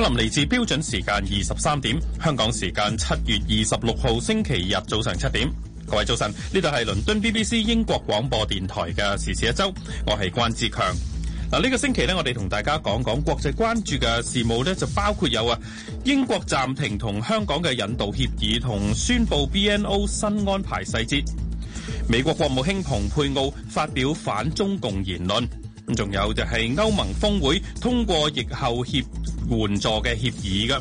柏林嚟自標準時間二十三點，香港時間七月二十六號星期日早上七點。各位早晨，呢度係倫敦 BBC 英國廣播電台嘅時事一周，我係關志強。嗱，呢個星期我哋同大家講講國際關注嘅事務，就包括有啊，英國暫停同香港嘅引導協議同宣布 BNO 新安排細節，美國國務卿蓬佩奧發表反中共言論。咁仲有就係歐盟峰會通過疫後協援助嘅協議噶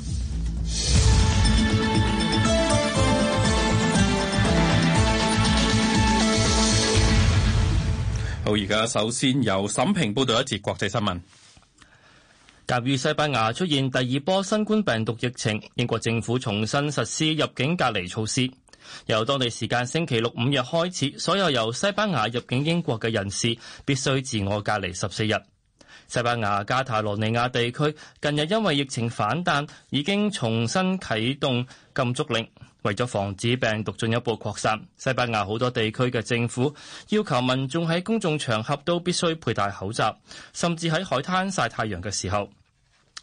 好，而家首先由沈平報道一節國際新聞。鑒於西班牙出現第二波新冠病毒疫情，英國政府重新實施入境隔離措施。由當地時間星期六午夜開始，所有由西班牙入境英國嘅人士必須自我隔離十四日。西班牙加泰羅尼亞地區近日因為疫情反彈，已經重新啟動禁足令，為咗防止病毒進一步擴散，西班牙好多地區嘅政府要求民眾喺公眾場合都必須佩戴口罩，甚至喺海灘曬太陽嘅時候。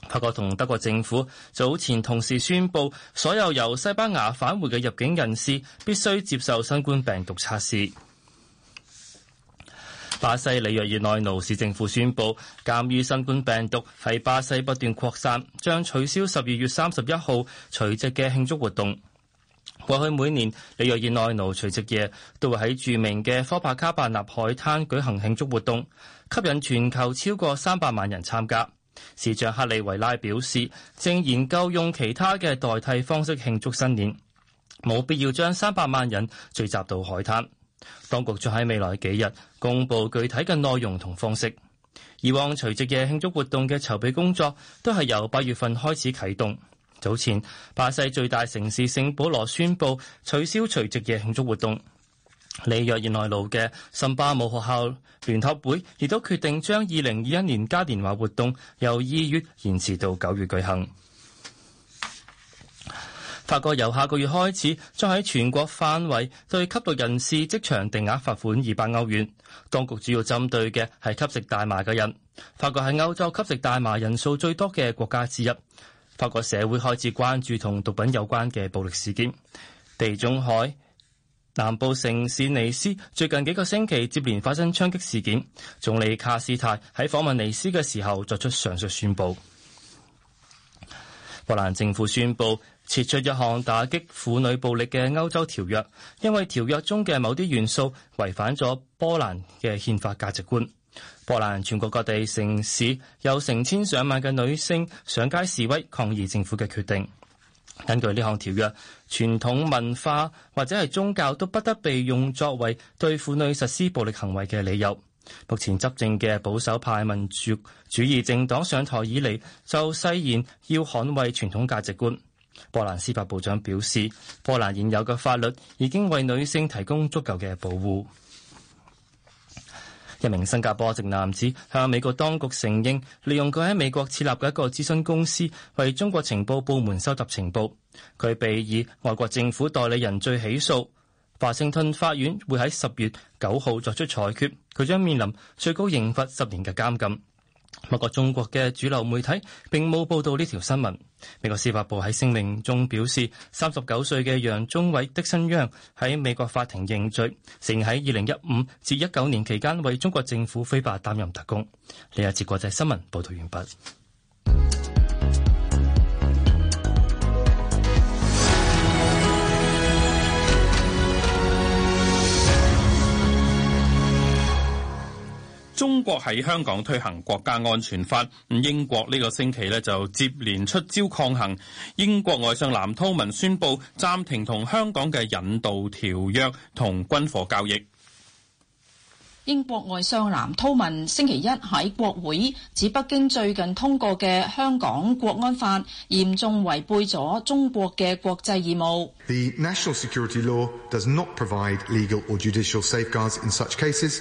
法國同德國政府早前同時宣布，所有由西班牙返回嘅入境人士必須接受新冠病毒測試。巴西里約熱內盧市政府宣布，鑒於新冠病毒喺巴西不斷擴散，將取消十二月三十一號除夕嘅慶祝活動。過去每年里約熱內盧除夕夜都會喺著名嘅科帕卡巴納海灘舉行慶祝活動，吸引全球超過三百萬人參加。市長克里維拉表示，正研究用其他嘅代替方式慶祝新年，冇必要將三百萬人聚集到海灘。當局將喺未來幾日公布具體嘅內容同方式。以往除夕夜慶祝活動嘅籌備工作都係由八月份開始啟動。早前，巴西最大城市聖保羅宣布取消除夕夜慶祝活動。里約熱內盧嘅新巴姆學校聯合會亦都決定將2021年嘉年華活動由二月延遲到九月舉行。法國由下個月開始，將喺全國範圍對吸毒人士即場定額罰款二百歐元。當局主要針對嘅係吸食大麻嘅人。法國係歐洲吸食大麻人數最多嘅國家之一。法國社會開始關注同毒品有關嘅暴力事件。地中海南部城市尼斯最近幾個星期接連發生槍擊事件，總理卡斯泰喺訪問尼斯嘅時候作出上述宣布。波蘭政府宣布撤出一項打擊婦女暴力嘅歐洲條約，因為條約中嘅某啲元素違反咗波蘭嘅憲法價值觀。波蘭全國各地城市有成千上萬嘅女性上街示威，抗議政府嘅決定。根據呢項條約，傳統文化或者係宗教都不得被用作為對婦女實施暴力行為嘅理由。目前執政嘅保守派民主主義政黨上台以嚟，就誓言要捍衛傳統價值觀。波蘭司法部長表示，波蘭現有嘅法律已經為女性提供足夠嘅保護。一名新加坡籍男子向美國當局承認，利用佢喺美國設立嘅一個諮詢公司，為中國情報部門收集情報。佢被以外國政府代理人罪起訴。華盛頓法院會喺十月九號作出裁決，佢將面臨最高刑罰十年嘅監禁。不過，中國嘅主流媒體並冇報道呢條新聞。美國司法部喺聲明中表示，三十九歲嘅楊宗偉的新央喺美國法庭認罪，承認喺二零一五至一九年期間為中國政府非法擔任特工。呢一節國際新聞報道完畢。中國喺香港推行國家安全法，英國呢個星期咧就接連出招抗衡。英國外相藍韜文宣布暫停同香港嘅引渡條約同軍火交易。英國外相藍韜文星期一喺國會指，北京最近通過嘅香港國安法嚴重違背咗中國嘅國際義務。The national security law does not provide legal or judicial safeguards in such cases.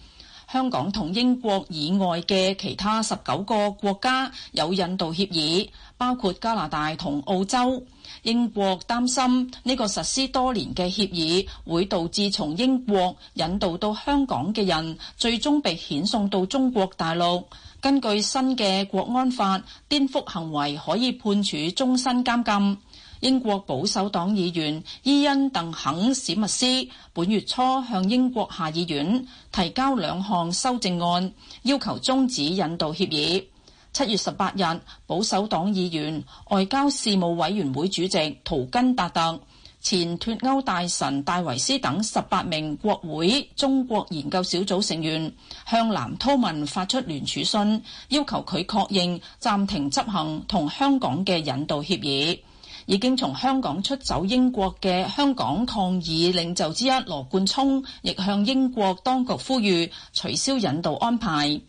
香港同英國以外嘅其他十九個國家有引渡協議，包括加拿大同澳洲。英國擔心呢個實施多年嘅協議會導致從英國引渡到香港嘅人最終被遣送到中國大陸。根據新嘅國安法，顛覆行為可以判處終身監禁。英國保守黨議員伊恩·鄧肯·史密斯本月初向英國下議院提交兩項修正案，要求終止引渡協議。七月十八日，保守黨議員外交事務委員會主席圖根達特、前脫歐大臣戴維斯等十八名國會中國研究小組成員向藍韜文發出聯署信，要求佢確認暫停執行同香港嘅引渡協議。已經從香港出走英國嘅香港抗議領袖之一羅冠聰，亦向英國當局呼籲取消引渡安排。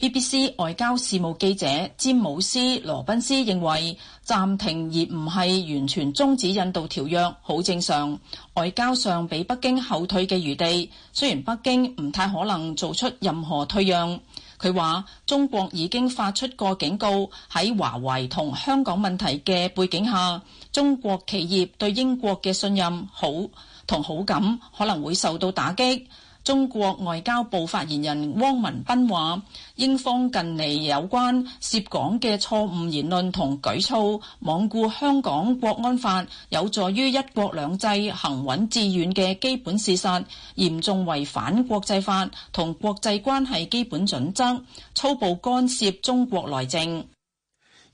BBC 外交事務記者詹姆斯·羅賓斯認為，暫停而唔係完全終止引渡條約，好正常。外交上俾北京後退嘅餘地，雖然北京唔太可能做出任何退讓。佢話：中國已經發出過警告，喺華為同香港問題嘅背景下，中國企業對英國嘅信任好同好感可能會受到打擊。中國外交部發言人汪文斌話，英方近嚟有關涉港嘅錯誤言論同舉措，罔顧香港國安法有助於一國兩制行穩致遠嘅基本事實，嚴重違反國際法同國際關係基本準則，粗暴干涉中國內政。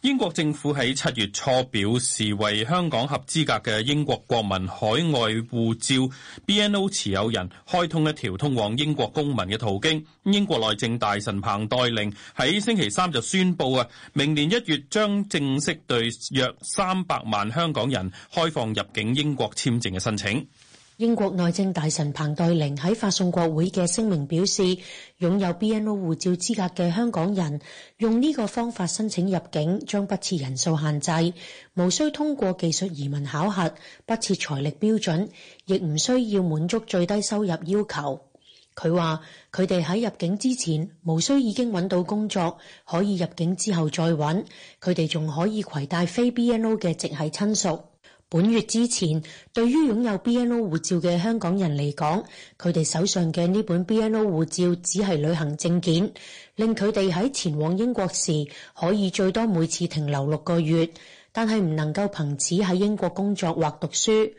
英國政府喺七月初表示，為香港合資格嘅英國國民海外護照 （BNO） 持有人開通一條通往英國公民嘅途徑。英國內政大臣彭黛玲喺星期三就宣布啊，明年一月將正式對約三百萬香港人開放入境英國簽證嘅申請。英國內政大臣彭黛玲喺發送國會嘅聲明表示，擁有 BNO 護照資格嘅香港人用呢個方法申請入境，將不設人數限制，無需通過技術移民考核，不設財力標準，亦唔需要滿足最低收入要求。佢話佢哋喺入境之前無需已經揾到工作，可以入境之後再揾。佢哋仲可以攜帶非 BNO 嘅直系親屬。本月之前，對於擁有 BNO 護照嘅香港人嚟講，佢哋手上嘅呢本 BNO 護照只係旅行證件，令佢哋喺前往英國時可以最多每次停留六個月，但係唔能夠憑此喺英國工作或讀書。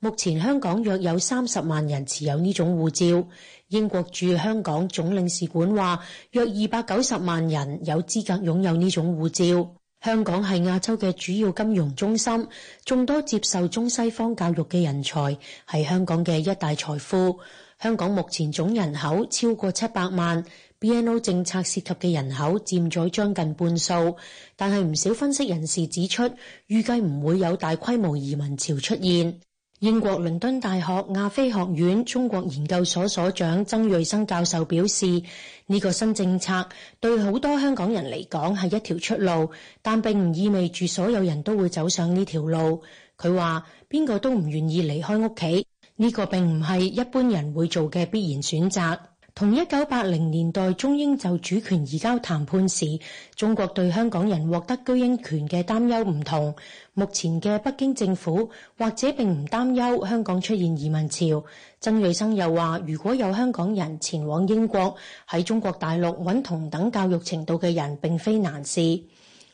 目前香港約有三十萬人持有呢種護照。英國駐香港總領事館話，約二百九十萬人有資格擁有呢種護照。香港係亞洲嘅主要金融中心，眾多接受中西方教育嘅人才係香港嘅一大財富。香港目前總人口超過七百萬，BNO 政策涉及嘅人口佔咗將近半數，但係唔少分析人士指出，預計唔會有大規模移民潮出現。英國倫敦大學亞非學院中國研究所所長曾瑞生教授表示：呢個新政策對好多香港人嚟講係一條出路，但並唔意味住所有人都會走上呢條路。佢話：邊個都唔願意離開屋企，呢個並唔係一般人會做嘅必然選擇。同一九八零年代中英就主權移交談判時，中國對香港人獲得居英權嘅擔憂唔同。目前嘅北京政府或者並唔擔憂香港出現移民潮。曾瑞生又話：如果有香港人前往英國，喺中國大陸揾同等教育程度嘅人並非難事。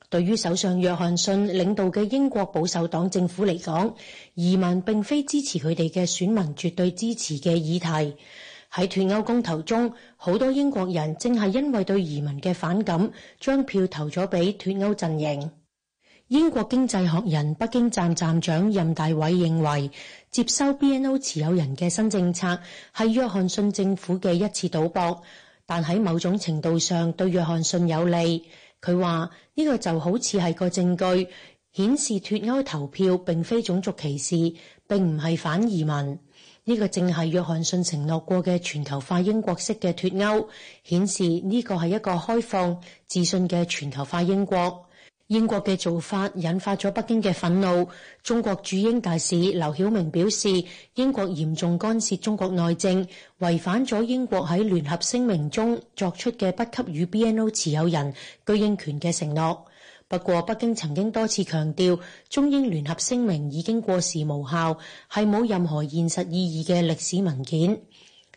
對於首相約翰遜領導嘅英國保守黨政府嚟講，移民並非支持佢哋嘅選民絕對支持嘅議題。喺脫歐公投中，好多英國人正係因為對移民嘅反感，將票投咗俾脫歐陣營。英國經濟學人、北京站站長任大偉認為，接收 BNO 持有人嘅新政策係約翰遜政府嘅一次賭博，但喺某種程度上對約翰遜有利。佢話呢個就好似係個證據，顯示脫歐投票並非種族歧視，並唔係反移民。呢、呢個正係約翰遜承諾過嘅全球化英國式嘅脫歐，顯示呢個係一個開放，自信嘅全球化英國。英國嘅做法引發咗北京嘅憤怒。中國駐英大使劉曉明表示，英國嚴重干涉中國內政，違反咗英國喺聯合聲明中作出嘅不給予 BNO 持有人居英權嘅承諾。不過，北京曾經多次強調，中英聯合聲明已經過時無效，係冇任何現實意義嘅歷史文件。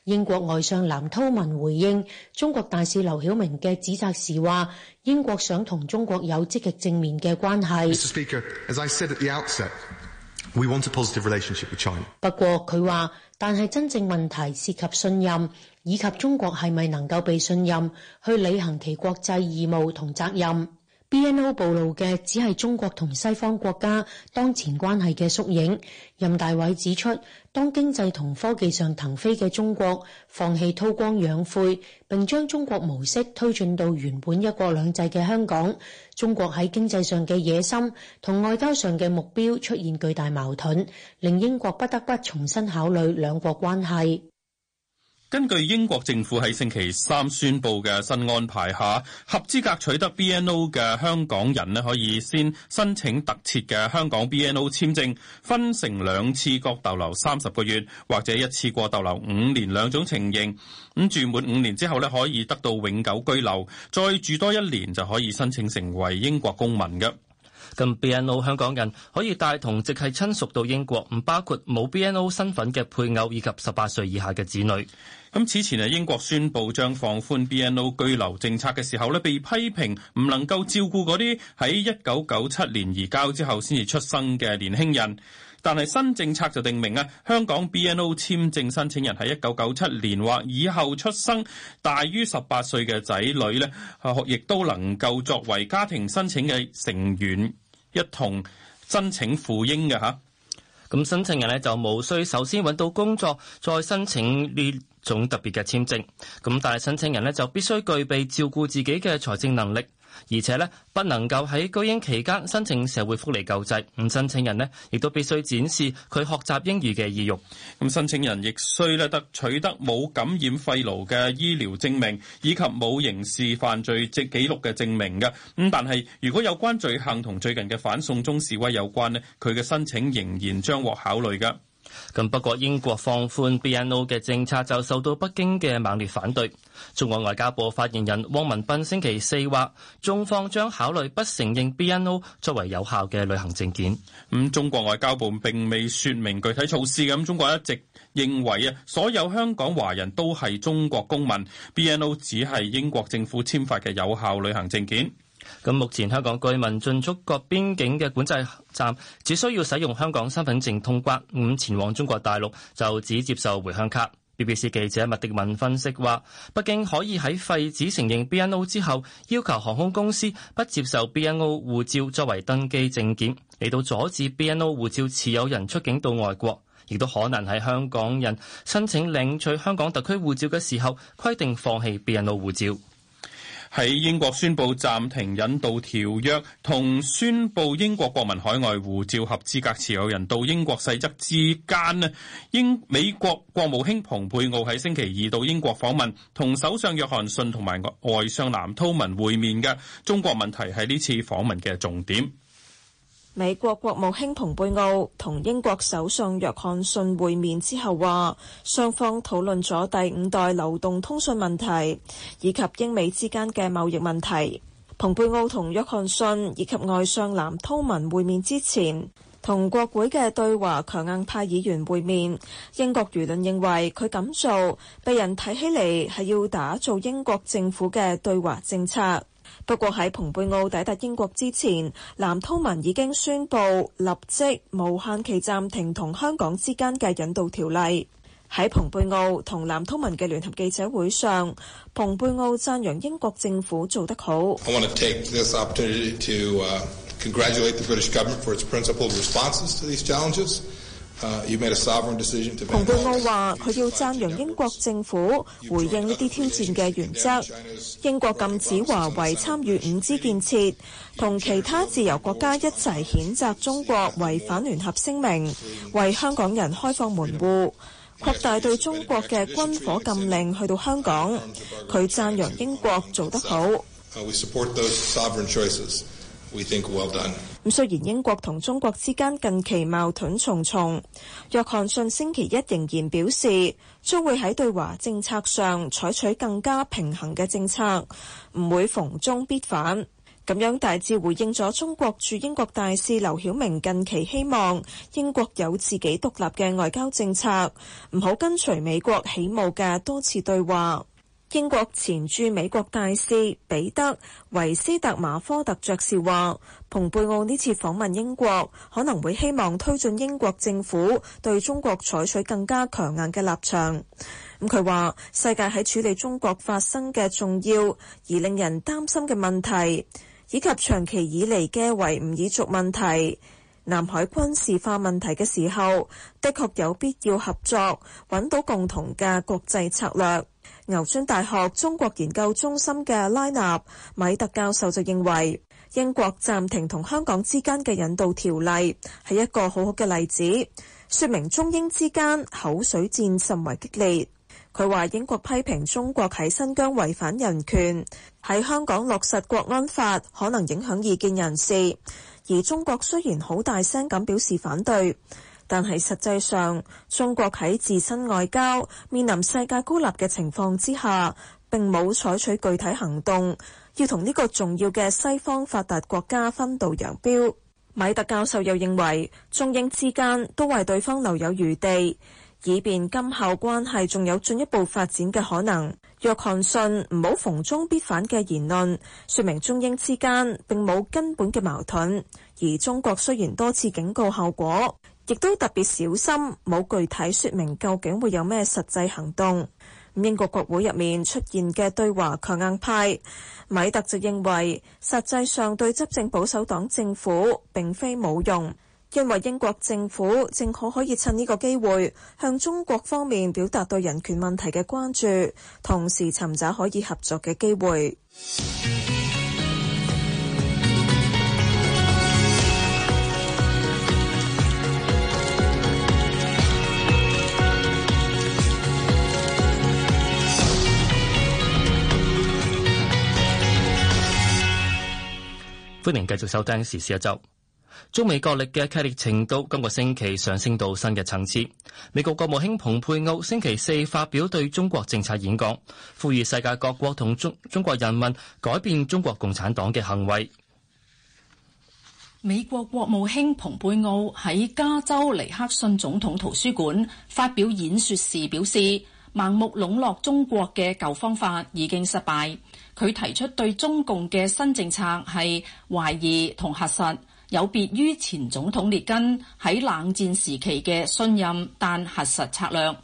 英國外相藍韜文回應中國大使劉曉明嘅指責時話：英國想同中國有積極正面嘅關係。Mr. Speaker, as I said at the outset, we want a positive relationship with China. 不過佢話，但係真正問題涉及信任，以及中國係咪能夠被信任去履行其國際義務同責任。BNO 暴露嘅只係中國同西方國家當前關係嘅縮影。任大偉指出，當經濟同科技上騰飛嘅中國放棄韜光養晦，並將中國模式推進到原本一國兩制嘅香港，中國喺經濟上嘅野心同外交上嘅目標出現巨大矛盾，令英國不得不重新考慮兩國關係。根據英國政府喺星期三宣布嘅新安排下，合資格取得 BNO 嘅香港人咧可以先申請特設嘅香港 BNO 簽證，分成兩次各逗留三十個月，或者一次過逗留五年兩種情形。咁住滿五年之後咧，可以得到永久居留，再住多一年就可以申請成為英國公民嘅。咁 BNO 香港人可以帶同直系親屬到英國，唔包括冇 BNO 身份嘅配偶以及十八歲以下嘅子女。咁此前啊，英國宣布將放寬 BNO 居留政策嘅時候呢，被批評唔能夠照顧嗰啲喺一九九七年移交之後先至出生嘅年輕人。但係新政策就定明啊，香港 BNO 簽證申請人喺一九九七年或以後出生，大於十八歲嘅仔女咧，亦都能夠作為家庭申請嘅成員一同申請赴英嘅。吓，咁申請人咧就無需首先揾到工作，再申請呢種特別嘅簽證。咁但係申請人咧就必須具備照顧自己嘅財政能力。而且咧不能夠喺居英期間申請社會福利救濟。申請人亦都必須展示佢學習英語嘅意欲。咁申請人亦需咧得取得冇感染肺癆嘅醫療證明，以及冇刑事犯罪積記錄嘅證明嘅。咁但係如果有關罪行同最近嘅反送中示威有關咧，佢嘅申請仍然將獲考慮嘅。咁不過英國放寬 BNO 嘅政策就受到北京嘅猛烈反對。中國外交部發言人汪文斌星期四話，中方將考慮不承認 BNO 作為有效嘅旅行證件。咁中國外交部並未說明具體措施。咁中國一直認為啊，所有香港華人都係中國公民，BNO 只係英國政府簽發嘅有效旅行證件。咁目前香港居民進出各邊境嘅管制站，只需要使用香港身份證通關；咁前往中國大陸就只接受回鄉卡。BBC 記者麥迪文分析話，北京可以喺廢止承認 BNO 之後，要求航空公司不接受 BNO 護照作為登機證件，嚟到阻止 BNO 護照持有人出境到外國，亦都可能喺香港人申請領取香港特區護照嘅時候規定放棄 BNO 護照。喺英國宣布暫停引渡條約同宣布英國國民海外護照合資格持有人到英國細則之間呢，英美國國務卿蓬佩奧喺星期二到英國訪問，同首相約翰遜同埋外相藍韜文會面嘅中國問題係呢次訪問嘅重點。美國國務卿蓬佩奧同英國首相約翰遜會面之後，話雙方討論咗第五代流動通訊問題以及英美之間嘅貿易問題。蓬佩奧同約翰遜以及外相藍韜文會面之前，同國會嘅對華強硬派議員會面。英國輿論認為佢咁做，被人睇起嚟係要打造英國政府嘅對華政策。不過喺蓬佩奧抵達英國之前，藍通文已經宣布立即無限期暫停同香港之間嘅引渡條例。喺蓬佩奧同藍通文嘅聯合記者會上，蓬佩奧讚揚英國政府做得好。蓬佩奧話，佢要讚揚英國政府回應呢啲挑戰嘅原則。英國禁止華為參與五 G 建設，同其他自由國家一齊譴責中國違反聯合聲明，為香港人開放門戶，擴大對中國嘅軍火禁令去到香港。佢讚揚英國做得好。We think well done。雖然英國同中國之間近期矛盾重重，約翰遜星期一仍然表示，將會喺對華政策上採取更加平衡嘅政策，唔會逢中必反。咁樣大致回應咗中國駐英國大使劉曉明近期希望英國有自己獨立嘅外交政策，唔好跟隨美國起舞嘅多次對話。英國前駐美國大使彼得維斯特馬科特爵士話，蓬佩奧呢次訪問英國，可能會希望推進英國政府對中國採取更加強硬嘅立場。咁佢話，世界喺處理中國發生嘅重要而令人擔心嘅問題，以及長期以嚟嘅維吾爾族問題、南海軍事化問題嘅時候，的確有必要合作，搵到共同嘅國際策略。牛津大學中國研究中心嘅拉納米特教授就認為，英國暫停同香港之間嘅引渡條例，係一個好好嘅例子，說明中英之間口水戰甚為激烈。佢話英國批評中國喺新疆違反人權，喺香港落實國安法可能影響異見人士，而中國雖然好大聲咁表示反對。但係實際上，中國喺自身外交面臨世界孤立嘅情況之下，並冇採取具體行動，要同呢個重要嘅西方發達國家分道揚鑣。米特教授又認為，中英之間都為對方留有餘地，以便今後關係仲有進一步發展嘅可能。約翰遜唔好逢中必反嘅言論，說明中英之間並冇根本嘅矛盾。而中國雖然多次警告，後果。亦都特別小心，冇具體說明究竟會有咩實際行動。英國國會入面出現嘅對華強硬派，米特就認為實際上對執政保守黨政府並非冇用，因為英國政府正好可以趁呢個機會向中國方面表達對人權問題嘅關注，同時尋找可以合作嘅機會。歡迎繼續收聽時事一周。中美角力嘅激烈程度，今個星期上升到新嘅層次。美國國務卿蓬佩奧星期四發表對中國政策演講，呼籲世界各國同中中國人民改變中國共產黨嘅行為。美國國務卿蓬佩奧喺加州尼克遜總統圖書館發表演說時表示，盲目籠絡中國嘅舊方法已經失敗。佢提出對中共嘅新政策係懷疑同核實，有別於前總統列根喺冷戰時期嘅信任但核實策略。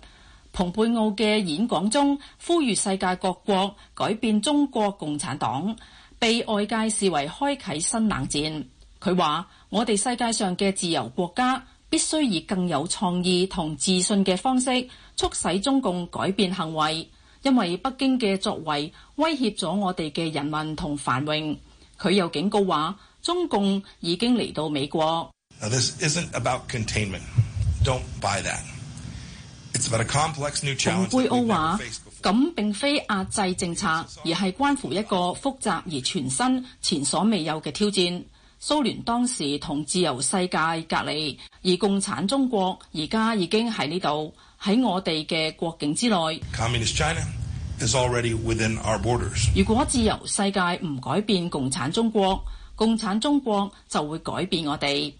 蓬佩奧嘅演講中呼籲世界各國改變中國共產黨，被外界視為開啟新冷戰。佢話，我哋世界上嘅自由國家必須以更有創意同自信嘅方式，促使中共改變行為。因為北京嘅作為威脅咗我哋嘅人民同繁榮，佢又警告話中共已經嚟到美國。蓬佩奧話：Now, this isn't about containment. Don't buy that. It's about a complex new challenge that we've never faced before。咁並非壓制政策，而係關乎一個複雜而全新、前所未有嘅挑戰。蘇聯當時同自由世界隔離，而共產中國而家已經喺呢度，喺我哋嘅國境之內。Communist China is already within our borders. 如果自由世界唔改變共產中國，共產中國就會改變我哋。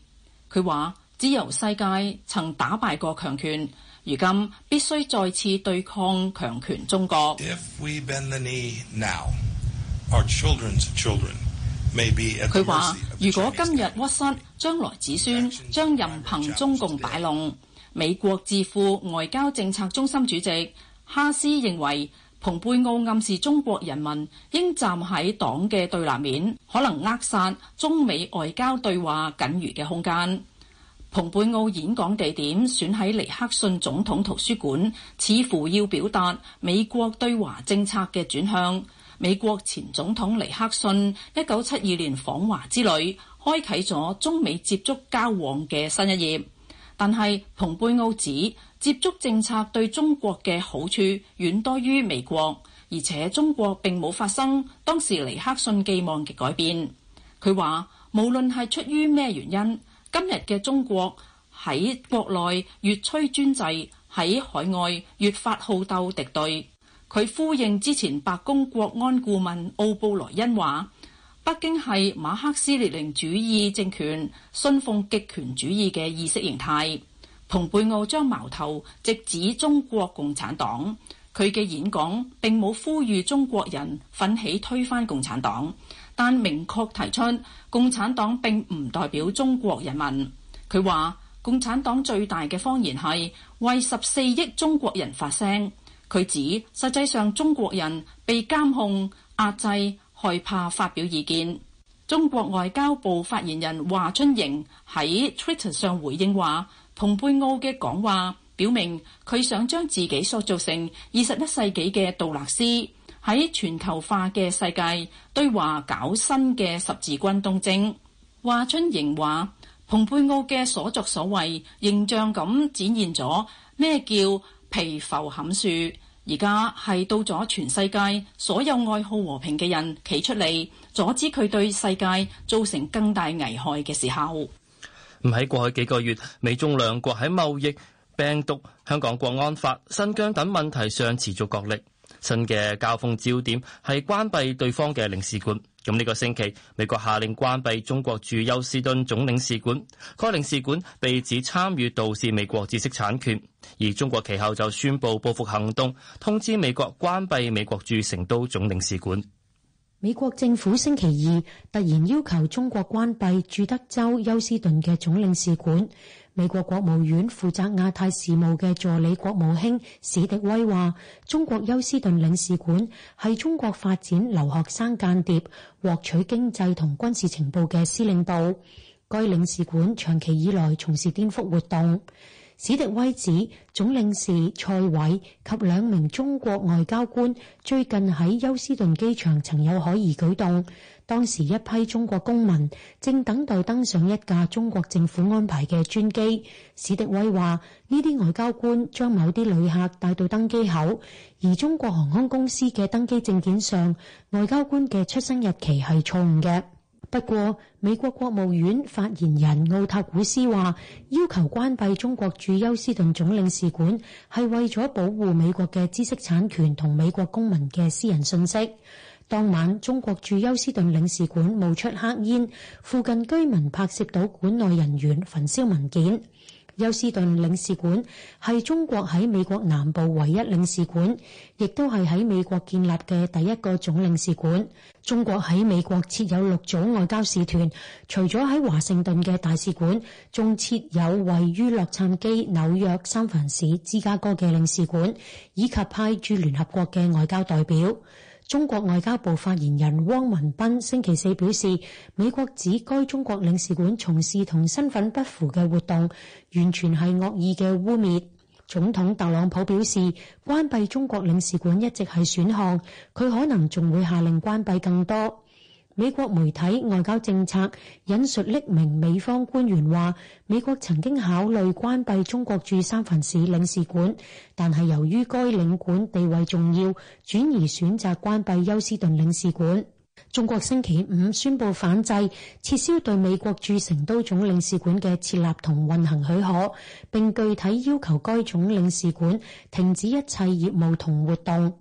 佢話：自由世界曾打敗過強權，如今必須再次對抗強權中國。If we bend the knee now, our 佢話：如果今日屈膝，將來子孫將任憑中共擺弄。美國智庫外交政策中心主席哈斯認為，蓬佩奧暗示中國人民應站喺黨嘅對立面，可能扼殺中美外交對話僅餘嘅空間。蓬佩奧演講地點選喺尼克遜總統圖書館，似乎要表達美國對華政策嘅轉向。美國前總統尼克遜一九七二年訪華之旅，開啟咗中美接觸交往嘅新一頁。但係蓬佩奧指接觸政策對中國嘅好處遠多於美國，而且中國並冇發生當時尼克遜寄望嘅改變。佢話無論係出於咩原因，今日嘅中國喺國內越趨專制，喺海外越發好鬥敵對。佢呼應之前白宮國安顧問奧布萊恩話：北京係馬克思列寧主義政權，信奉極權主義嘅意識形態。蓬佩奧將矛頭直指中國共產黨。佢嘅演講並冇呼籲中國人奮起推翻共產黨，但明確提出共產黨並唔代表中國人民。佢話：共產黨最大嘅謊言係為十四億中國人發聲。佢指，實際上中國人被監控、壓制、害怕發表意見。中國外交部發言人華春瑩喺 Twitter 上回應話，蓬佩奧嘅講話表明佢想將自己塑造成二十一世紀嘅杜勒斯，喺全球化嘅世界對華搞新嘅十字軍東征。華春瑩話，蓬佩奧嘅所作所為，形象咁展現咗咩叫蚍蜉撼樹。而家係到咗全世界所有愛好和平嘅人企出嚟，阻止佢對世界造成更大危害嘅時候。唔喺過去幾個月，美中兩國喺貿易、病毒、香港國安法、新疆等問題上持續角力。新嘅交鋒焦點係關閉對方嘅領事館。咁呢個星期，美國下令關閉中國駐休斯頓總領事館，該領事館被指參與盜竊美國知識產權，而中國其後就宣佈報復行動，通知美國關閉美國駐成都總領事館。美國政府星期二突然要求中國關閉駐德州休斯頓嘅總領事館。美國國務院負責亞太事務嘅助理國務卿史迪威話：中國休斯頓領事館係中國發展留學生間諜、獲取經濟同軍事情報嘅司令部。該領事館長期以來從事顛覆活動。史迪威指總領事蔡偉及兩名中國外交官最近喺休斯頓機場曾有可疑舉動。當時一批中國公民正等待登上一架中國政府安排嘅專機。史迪威話：呢啲外交官將某啲旅客帶到登機口，而中國航空公司嘅登機證件上，外交官嘅出生日期係錯誤嘅。不過，美國國務院發言人奧塔古斯話：要求關閉中國駐休斯頓總領事館係為咗保護美國嘅知識產權同美國公民嘅私人信息。當晚，中國駐休斯頓領事館冒出黑煙，附近居民拍攝到館內人員焚燒文件。休斯頓領事館係中國喺美國南部唯一領事館，亦都係喺美國建立嘅第一個總領事館。中國喺美國設有六組外交使團，除咗喺華盛頓嘅大使館，仲設有位於洛杉磯、紐約、三藩市、芝加哥嘅領事館，以及派駐聯合國嘅外交代表。中國外交部發言人汪文斌星期四表示，美國指該中國領事館從事同身份不符嘅活動，完全係惡意嘅污衊。總統特朗普表示，關閉中國領事館一直係選項，佢可能仲會下令關閉更多。美國媒體外交政策引述匿名美方官員話，美國曾經考慮關閉中國駐三藩市領事館，但係由於該領館地位重要，轉而選擇關閉休斯頓領事館。中國星期五宣布反制，撤銷對美國駐成都總領事館嘅設立同運行許可，並具體要求該總領事館停止一切業務同活動。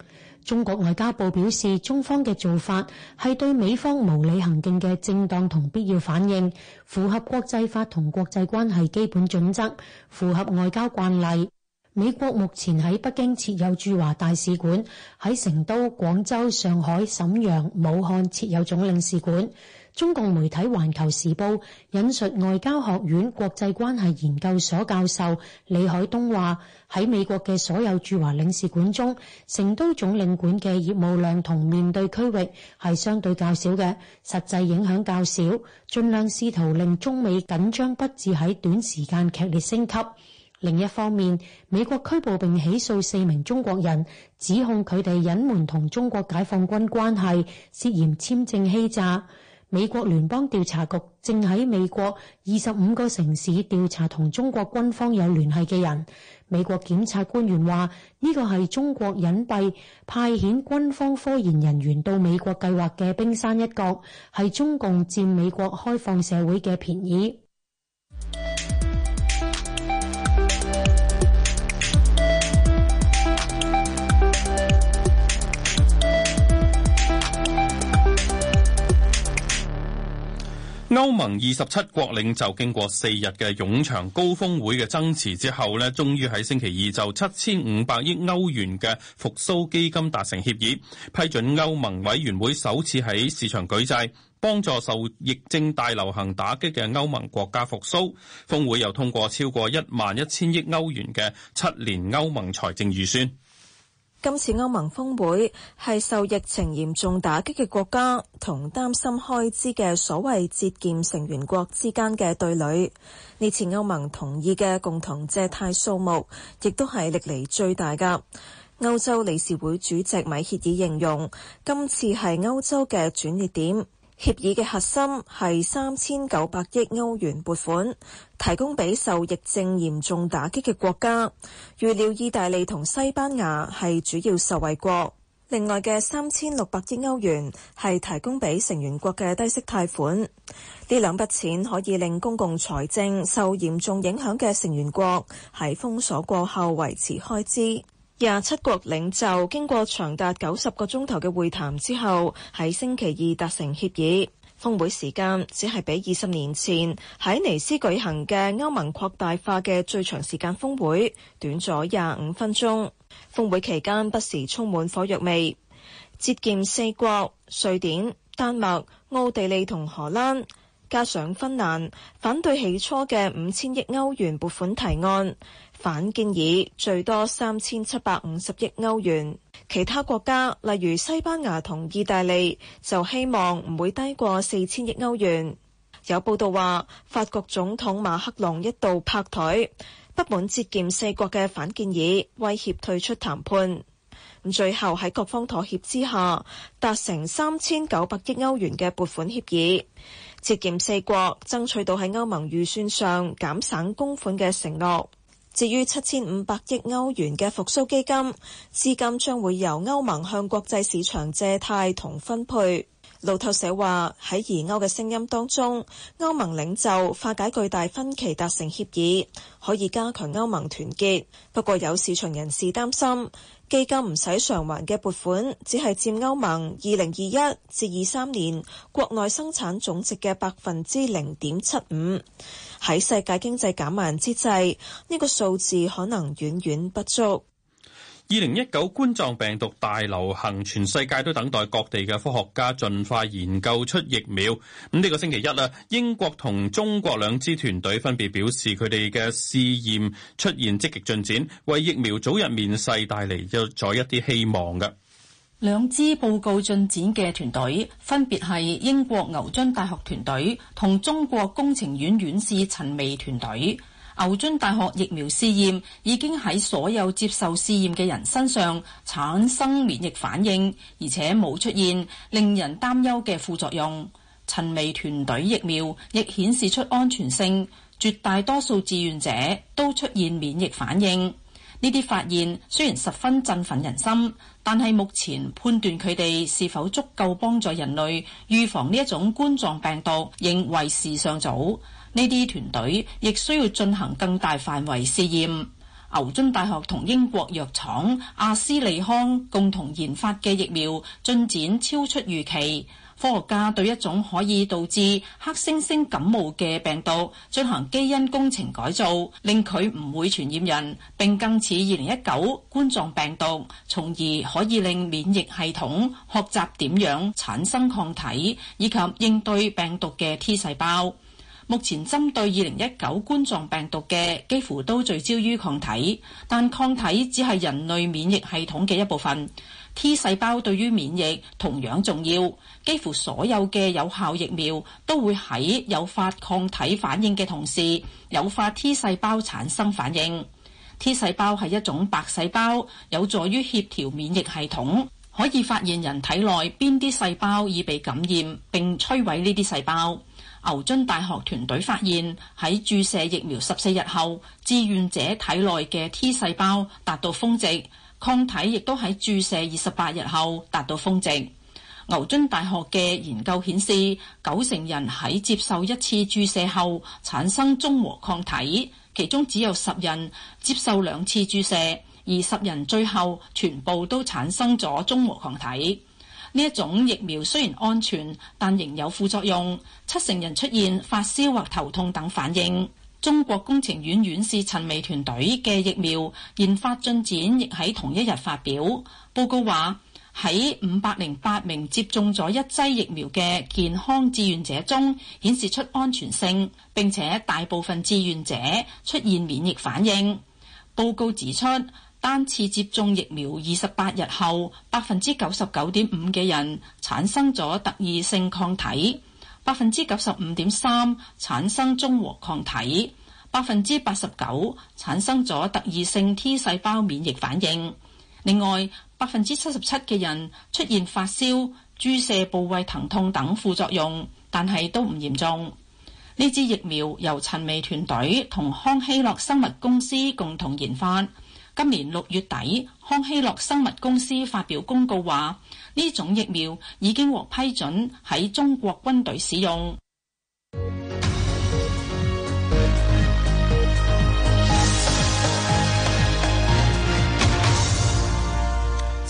中國外交部表示，中方嘅做法係對美方無理行徑嘅正當同必要反應，符合國際法同國際關係基本準則，符合外交慣例。美國目前喺北京設有駐華大使館，喺成都、廣州、上海、瀋陽、武漢設有總領事館。中共媒體環球時報引述外交學院國際關係研究所教授李海東話：喺美國嘅所有駐華領事館中，成都總領館嘅業務量同面對區域係相對較少嘅，實際影響較少。盡量試圖令中美緊張不至喺短時間劇烈升級。另一方面，美國拘捕並起訴四名中國人，指控佢哋隱瞞同中國解放軍關係，涉嫌簽證欺詐。美國聯邦調查局正喺美國二十五個城市調查同中國軍方有聯繫嘅人。美國檢察官員話，呢個係中國隱蔽派遣軍方科研人員到美國計劃嘅冰山一角，係中共佔美國開放社會嘅便宜。歐盟二十七國領袖經過四日嘅冗長高峰會嘅爭持之後呢，終於喺星期二就七千五百億歐元嘅復甦基金達成協議，批准歐盟委員會首次喺市場舉債，幫助受疫症大流行打擊嘅歐盟國家復甦。峰會又通過超過一萬一千億歐元嘅七年歐盟財政預算。今次歐盟峰會係受疫情嚴重打擊嘅國家同擔心開支嘅所謂節儉成員國之間嘅對壘。呢次歐盟同意嘅共同借貸數目，亦都係歷嚟最大噶。歐洲理事會主席米歇爾形容，今次係歐洲嘅轉捩點。協議嘅核心係三千九百億歐元撥款，提供俾受疫症嚴重打擊嘅國家。預料意大利同西班牙係主要受惠國。另外嘅三千六百億歐元係提供俾成員國嘅低息貸款。呢兩筆錢可以令公共財政受嚴重影響嘅成員國喺封鎖過後維持開支。廿七國領袖經過長達九十個鐘頭嘅會談之後，喺星期二達成協議。峰會時間只係比二十年前喺尼斯舉行嘅歐盟擴大化嘅最長時間峰會短咗廿五分鐘。峰會期間不時充滿火藥味，節儉四國、瑞典、丹麥、奧地利同荷蘭，加上芬蘭，反對起初嘅五千億歐元撥款提案。反建議最多三千七百五十億歐元，其他國家例如西班牙同意大利就希望唔會低過四千億歐元。有報道話，法國總統馬克龍一度拍台不滿，節儉四國嘅反建議，威脅退出談判。最後喺各方妥協之下，達成三千九百億歐元嘅撥款協議。節儉四國爭取到喺歐盟預算上減省公款嘅承諾。至於七千五百億歐元嘅復甦基金，資金將會由歐盟向國際市場借貸同分配。路透社話喺疑歐嘅聲音當中，歐盟領袖化解巨大分歧達成協議，可以加強歐盟團結。不過有市場人士擔心，基金唔使償還嘅撥款，只係佔歐盟二零二一至二三年國內生產總值嘅百分之零點七五。喺世界經濟減慢之際，呢個數字可能遠遠不足。二零一九冠狀病毒大流行，全世界都等待各地嘅科學家盡快研究出疫苗。咁呢個星期一啊，英國同中國兩支團隊分別表示佢哋嘅試驗出現積極進展，為疫苗早日面世帶嚟咗一啲希望嘅。兩支報告進展嘅團隊分別係英國牛津大學團隊同中國工程院院士陳薇團隊。牛津大學疫苗試驗已經喺所有接受試驗嘅人身上產生免疫反應，而且冇出現令人擔憂嘅副作用。陳薇團隊疫苗亦顯示出安全性，絕大多數志願者都出現免疫反應。呢啲發現雖然十分振奮人心。但係目前判斷佢哋是否足夠幫助人類預防呢一種冠狀病毒，仍為時尚早。呢啲團隊亦需要進行更大範圍試驗。牛津大學同英國藥廠阿斯利康共同研發嘅疫苗進展超出預期。科學家對一種可以導致黑猩猩感冒嘅病毒進行基因工程改造，令佢唔會傳染人，並更似2019冠狀病毒，從而可以令免疫系統學習點樣產生抗體以及應對病毒嘅 T 細胞。目前針對2019冠狀病毒嘅幾乎都聚焦於抗體，但抗體只係人類免疫系統嘅一部分。T 細胞對於免疫同樣重要，幾乎所有嘅有效疫苗都會喺有發抗體反應嘅同時，誘發 T 細胞產生反應。T 細胞係一種白細胞，有助於協調免疫系統，可以發現人體內邊啲細胞已被感染並摧毀呢啲細胞。牛津大學團隊發現喺注射疫苗十四日後，志願者體內嘅 T 細胞達到峰值。抗體亦都喺注射二十八日後達到峰值。牛津大學嘅研究顯示，九成人喺接受一次注射後產生中和抗體，其中只有十人接受兩次注射，而十人最後全部都產生咗中和抗體。呢一種疫苗雖然安全，但仍有副作用，七成人出現發燒或頭痛等反應。中國工程院院士陳薇團隊嘅疫苗研發進展亦喺同一日發表報告，話喺五百零八名接種咗一劑疫苗嘅健康志願者中，顯示出安全性，並且大部分志願者出現免疫反應。報告指出，單次接種疫苗二十八日後，百分之九十九點五嘅人產生咗特異性抗體。百分之九十五點三產生中和抗體，百分之八十九產生咗特異性 T 細胞免疫反應。另外，百分之七十七嘅人出現發燒、注射部位疼痛等副作用，但係都唔嚴重。呢支疫苗由陳薇團隊同康希諾生物公司共同研發。今年六月底，康希諾生物公司發表公告話，呢種疫苗已經獲批准喺中國軍隊使用。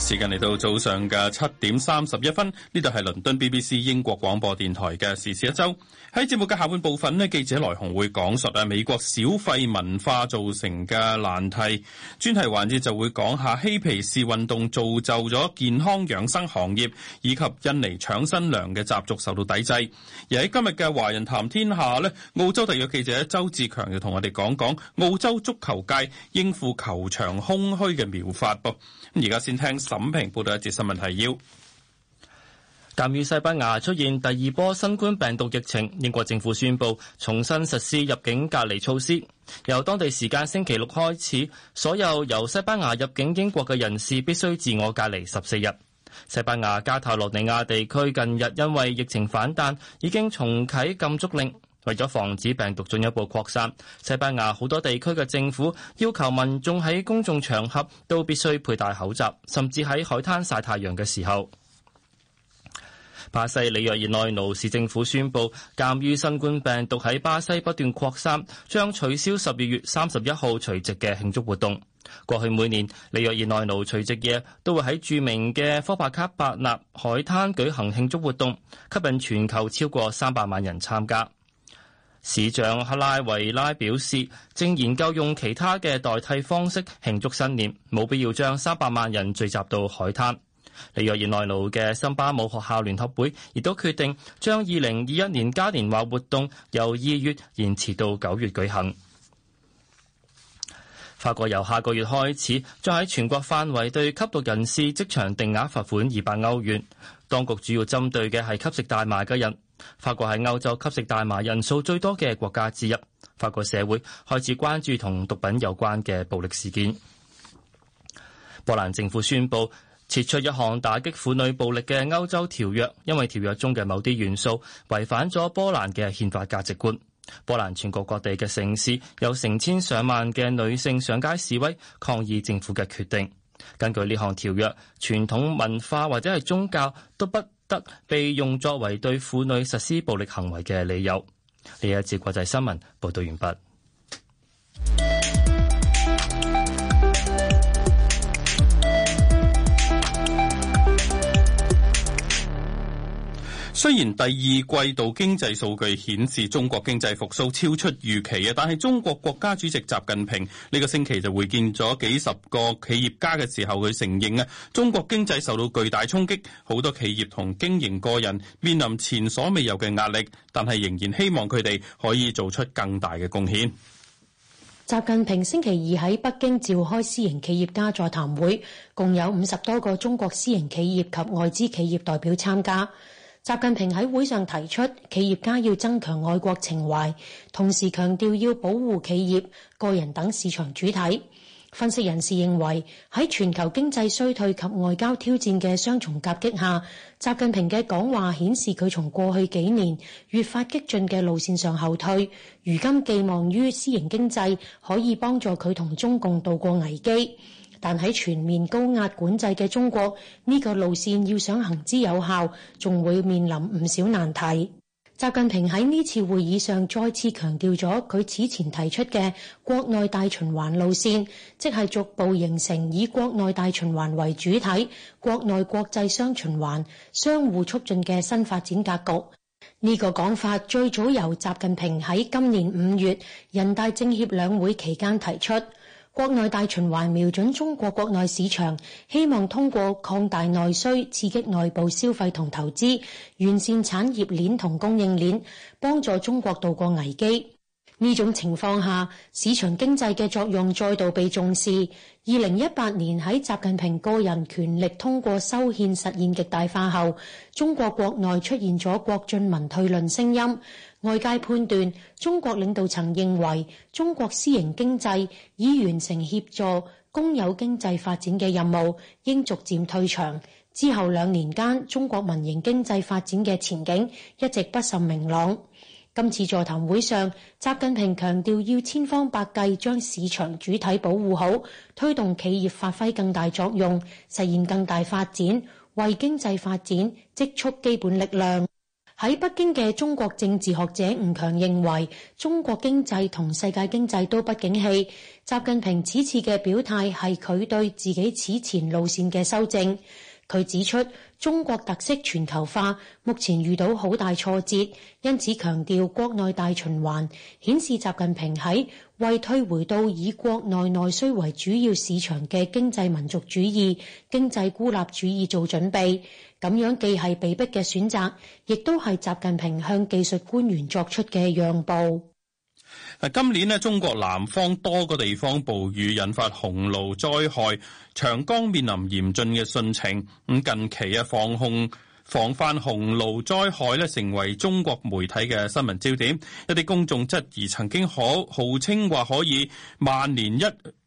時間嚟到早上嘅七點三十一分，呢度係倫敦 BBC 英國廣播電台嘅時事一周。喺節目嘅下半部分咧，記者來鴻會講述啊美國小費文化造成嘅難題。專題環節就會講一下嬉皮士運動造就咗健康養生行業，以及印尼搶新娘嘅習俗受到抵制。而喺今日嘅華人談天下呢，澳洲特約記者周志強就同我哋講講澳洲足球界應付球場空虛嘅妙法噃。而家先聽沈平報道一節新聞提要。鑒於西班牙出現第二波新冠病毒疫情，英國政府宣布重新實施入境隔離措施。由當地時間星期六開始，所有由西班牙入境英國嘅人士必須自我隔離十四日。西班牙加泰羅尼亞地區近日因為疫情反彈，已經重啟禁足令。為咗防止病毒進一步擴散，西班牙好多地區嘅政府要求民眾喺公眾場合都必須佩戴口罩，甚至喺海灘曬太陽嘅時候。巴西里約熱內盧市政府宣布，鑒於新冠病毒喺巴西不斷擴散，將取消十二月三十一號除夕嘅慶祝活動。過去每年里約熱內盧除夕夜都會喺著名嘅科帕卡巴納海灘舉行慶祝活動，吸引全球超過三百萬人參加。市長克拉維拉表示，正研究用其他嘅代替方式慶祝新年，冇必要將三百萬人聚集到海灘。里約熱內盧嘅森巴舞學校聯合會亦都決定將二零二一年嘉年華活動由二月延遲到九月舉行。法國由下個月開始，將喺全國範圍對吸毒人士即場定額罰款二百歐元，當局主要針對嘅係吸食大麻嘅人。法國係歐洲吸食大麻人數最多嘅國家之一。法國社會開始關注同毒品有關嘅暴力事件。波蘭政府宣布撤出一項打擊婦女暴力嘅歐洲條約，因為條約中嘅某啲元素違反咗波蘭嘅憲法價值觀。波蘭全國各地嘅城市有成千上萬嘅女性上街示威，抗議政府嘅決定。根據呢項條約，傳統文化或者係宗教都不。被用作為對婦女實施暴力行為嘅理由。呢一節國際新聞報道完畢。雖然第二季度經濟數據顯示中國經濟復甦超出預期啊，但係中國國家主席習近平呢個星期就會見咗幾十個企業家嘅時候，佢承認啊，中國經濟受到巨大衝擊，好多企業同經營個人面臨前所未有嘅壓力。但係仍然希望佢哋可以做出更大嘅貢獻。習近平星期二喺北京召開私營企業家座談會，共有五十多個中國私營企業及外資企業代表參加。習近平喺會上提出，企業家要增強愛國情懷，同時強調要保護企業、個人等市場主體。分析人士認為，喺全球經濟衰退及外交挑戰嘅雙重夾擊下，習近平嘅講話顯示佢從過去幾年越發激進嘅路線上後退，如今寄望於私營經濟可以幫助佢同中共渡過危機。但喺全面高壓管制嘅中國呢個路線要想行之有效，仲會面臨唔少難題。習近平喺呢次會議上再次強調咗佢此前提出嘅國內大循環路線，即係逐步形成以國內大循環為主體、國內國際雙循環相互促進嘅新發展格局。呢個講法最早由習近平喺今年五月人大政協兩會期間提出。國內大循環瞄準中國國內市場，希望通過擴大內需，刺激內部消費同投資，完善產業鏈同供應鏈，幫助中國度過危機。呢種情況下，市場經濟嘅作用再度被重視。二零一八年喺習近平個人權力通過修憲實現極大化後，中國國內出現咗國進民退論聲音。外界判斷，中國領導層認為中國私營經濟已完成協助公有經濟發展嘅任務，應逐漸退場。之後兩年間，中國民營經濟發展嘅前景一直不甚明朗。今次座談會上，習近平強調要千方百計將市場主體保護好，推動企業發揮更大作用，實現更大發展，為經濟發展積蓄基本力量。喺北京嘅中國政治學者吳強認為，中國經濟同世界經濟都不景氣，習近平此次嘅表態係佢對自己此前路線嘅修正。佢指出，中國特色全球化目前遇到好大挫折，因此強調國內大循環，顯示習近平喺為退回到以國內內需為主要市場嘅經濟民族主義、經濟孤立主義做準備。咁樣既係被迫嘅選擇，亦都係習近平向技術官員作出嘅讓步。今年呢，中國南方多個地方暴雨引發洪澇災害，長江面臨嚴峻嘅汛情。咁近期啊，防控防範洪澇災害咧，成為中國媒體嘅新聞焦點。一啲公眾質疑曾經可號稱話可以萬年一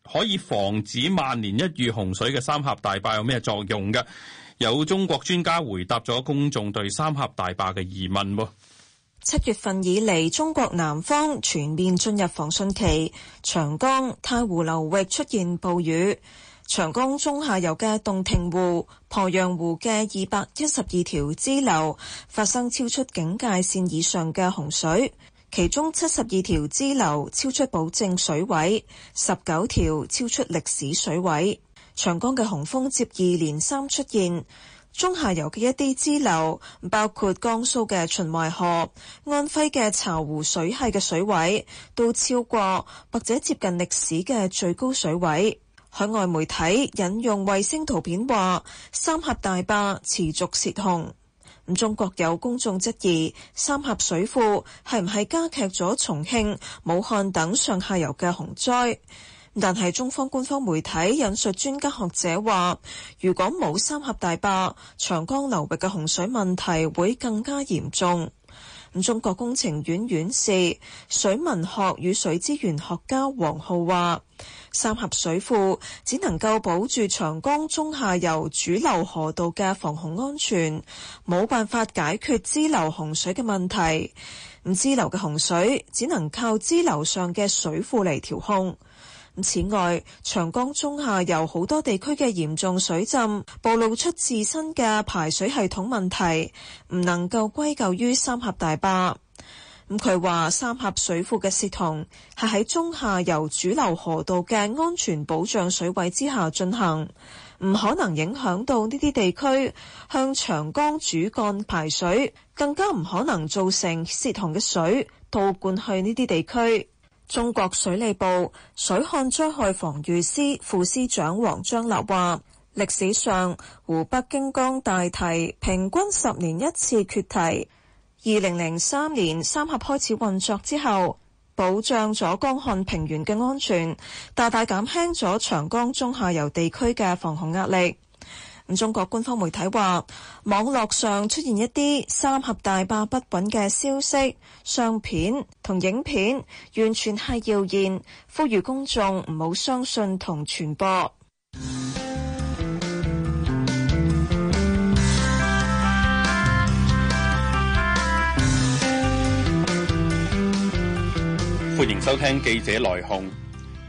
可以防止萬年一遇洪水嘅三峽大壩有咩作用嘅？有中國專家回答咗公眾對三峽大壩嘅疑問。七月份以嚟，中國南方全面進入防汛期，長江、太湖流域出現暴雨，長江中下游嘅洞庭湖、鄱陽湖嘅二百一十二條支流發生超出警戒線以上嘅洪水，其中七十二條支流超出保證水位，十九條超出歷史水位，長江嘅洪峰接二連三出現。中下游嘅一啲支流，包括江蘇嘅秦淮河、安徽嘅巢湖水係嘅水位，都超過或者接近歷史嘅最高水位。海外媒體引用衛星圖片話，三峽大壩持續泄洪。中國有公眾質疑三峽水庫係唔係加劇咗重慶、武漢等上下游嘅洪災？但係，中方官方媒體引述專家學者話，如果冇三峽大壩，長江流域嘅洪水問題會更加嚴重。中國工程院院士水文學與水資源學家黃浩話，三峽水庫只能夠保住長江中下游主流河道嘅防洪安全，冇辦法解決支流洪水嘅問題。唔，支流嘅洪水只能靠支流上嘅水庫嚟調控。此外，長江中下游好多地區嘅嚴重水浸，暴露出自身嘅排水系統問題，唔能夠歸咎於三峽大壩。佢話，三峽水庫嘅泄洪係喺中下游主流河道嘅安全保障水位之下進行，唔可能影響到呢啲地區向長江主幹排水，更加唔可能造成泄洪嘅水倒灌去呢啲地區。中國水利部水旱災害防御司副司長王章立話，歷史上湖北荊江大堤平均十年一次決堤，二零零三年三峽開始運作之後，保障咗江漢平原嘅安全，大大減輕咗長江中下游地區嘅防洪壓力。咁中國官方媒體話，網絡上出現一啲三峽大壩不穩嘅消息、相片同影片，完全係謠言，呼籲公眾唔好相信同傳播。歡迎收聽記者來鴻，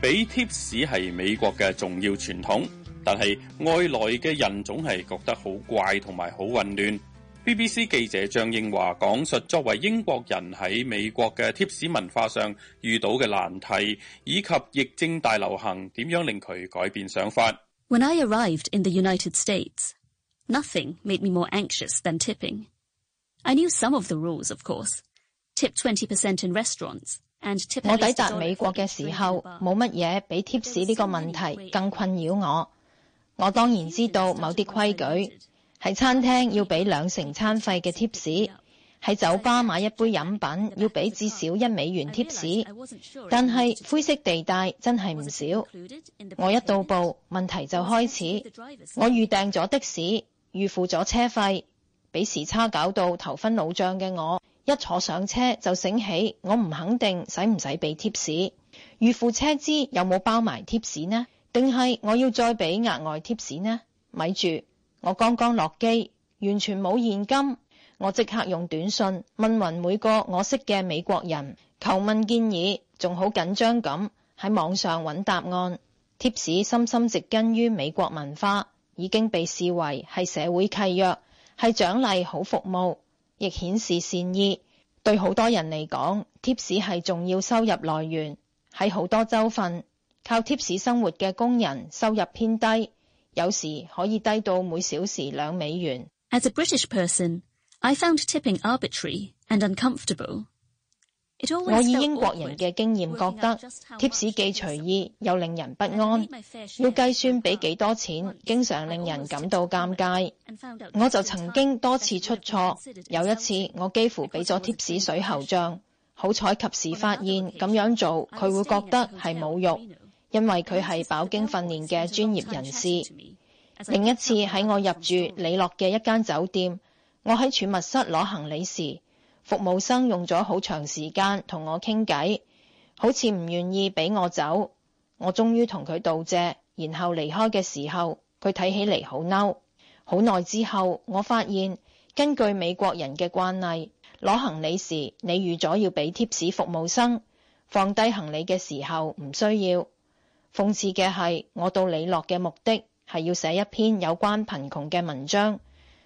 俾貼士係美國嘅重要傳統。但係外來嘅人總係覺得好怪同埋好混亂。BBC 記者張應華講述作為英國人喺美國嘅貼士文化上遇到嘅難題，以及疫症大流行點樣令佢改變想法。When I arrived in the United States, nothing made me more anxious than tipping. I knew some of the rules, of course. Tip 20% in restaurants, and tip 我抵達美國嘅時候，冇乜嘢比貼士呢個問題更困擾我。我當然知道某啲規矩，喺餐廳要俾兩成餐費嘅 tips，喺酒吧買一杯飲品要俾至少一美元 tips。但係灰色地帶真係唔少，我一到步，問題就開始。我預訂咗的士，預付咗車費，俾時差搞到頭昏腦脹嘅我，一坐上車就醒起，我唔肯定使唔使俾 tips，預付車資有冇包埋 tips 呢？定係我要再俾額外貼士呢？咪住，我剛剛落機，完全冇現金，我即刻用短信問問每個我識嘅美國人，求問建議，仲好緊張咁喺網上揾答案。貼士深深植根於美國文化，已經被視為係社會契約，係獎勵好服務，亦顯示善意。對好多人嚟講，貼士係重要收入來源，喺好多州份，靠貼士生活嘅工人收入偏低，有時可以低到每小時兩美元。As a British person, I found tipping arbitrary and uncomfortable。我以英國人嘅經驗覺得，貼士既隨意又令人不安，要計算俾幾多錢，經常令人感到尷尬。我就曾經多次出錯，有一次我幾乎俾咗貼士水喉匠，好彩及時發現咁樣做，佢會覺得係侮辱。因為佢係飽經訓練嘅專業人士。另一次喺我入住里諾嘅一間酒店，我喺儲物室攞行李時，服務生用咗好長時間同我傾偈，好似唔願意俾我走。我終於同佢道謝，然後離開嘅時候，佢睇起嚟好嬲。好耐之後，我發現根據美國人嘅慣例，攞行李時你預咗要俾貼士服務生，放低行李嘅時候唔需要。諷刺嘅係，我到李樂嘅目的係要寫一篇有關貧窮嘅文章，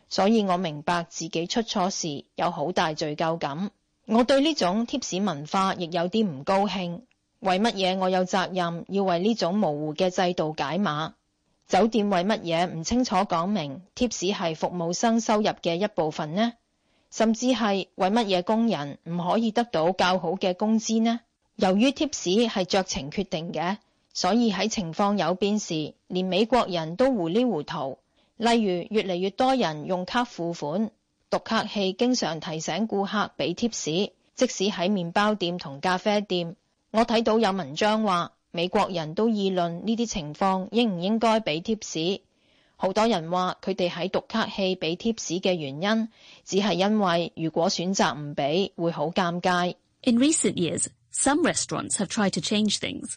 所以我明白自己出錯時有好大罪疚感。我對呢種貼士文化亦有啲唔高興。為乜嘢我有責任要為呢種模糊嘅制度解碼？酒店為乜嘢唔清楚講明貼士係服務生收入嘅一部分呢？甚至係為乜嘢工人唔可以得到較好嘅工資呢？由於貼士係酌情決定嘅。所以喺情況有變時，連美國人都糊裏糊塗。例如，越嚟越多人用卡付款，讀卡器經常提醒顧客俾貼士，即使喺麵包店同咖啡店。我睇到有文章話，美國人都議論呢啲情況應唔應該俾貼士。好多人話，佢哋喺讀卡器俾貼士嘅原因，只係因為如果選擇唔俾會好尷尬。In recent years, some restaurants have tried to change things.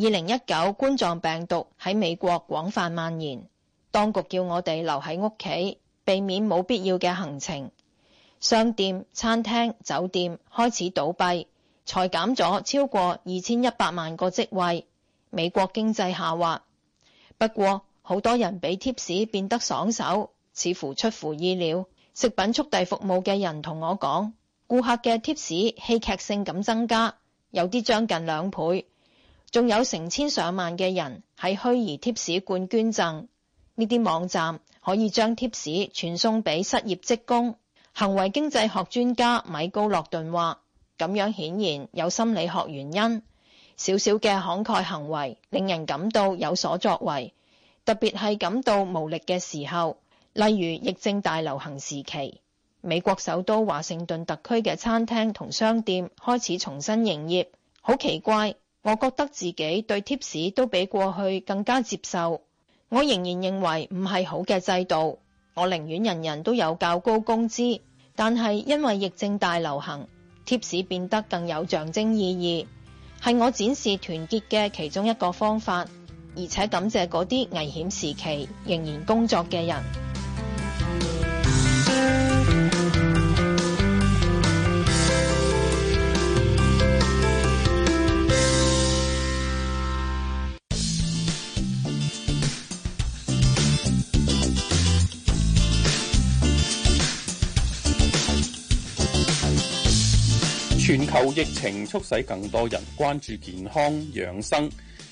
二零一九冠狀病毒喺美國廣泛蔓延，當局叫我哋留喺屋企，避免冇必要嘅行程。商店、餐廳、酒店開始倒閉，裁減咗超過二千一百萬個職位。美國經濟下滑，不過好多人俾貼士變得爽手，似乎出乎意料。食品速遞服務嘅人同我講，顧客嘅貼士戲劇性咁增加，有啲將近兩倍。仲有成千上萬嘅人喺虛擬貼士罐捐贈，呢啲網站可以將貼士傳送俾失業職工。行為經濟學專家米高諾頓話，咁樣顯然有心理學原因。小小嘅慷慨行為令人感到有所作為，特別係感到無力嘅時候，例如疫症大流行時期，美國首都華盛頓特區嘅餐廳同商店開始重新營業，好奇怪。我覺得自己對貼士都比過去更加接受。我仍然認為唔係好嘅制度，我寧願人人都有較高工資。但係因為疫症大流行，貼士變得更有象徵意義，係我展示團結嘅其中一個方法，而且感謝嗰啲危險時期仍然工作嘅人。全球疫情促使更多人關注健康養生。